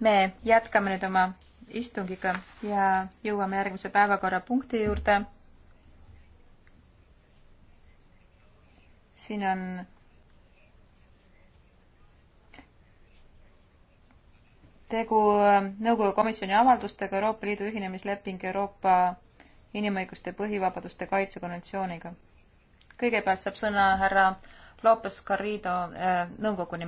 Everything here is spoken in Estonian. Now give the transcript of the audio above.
me jätkame nüüd oma istungiga ja jõuame järgmise päevakorrapunkti juurde. siin on tegu Nõukogu komisjoni avaldustega Euroopa Liidu ühinemisleping Euroopa inimõiguste põhivabaduste kaitsekonventsiooniga. kõigepealt saab sõna härra Lopez Garrido äh, nõukogu nimel.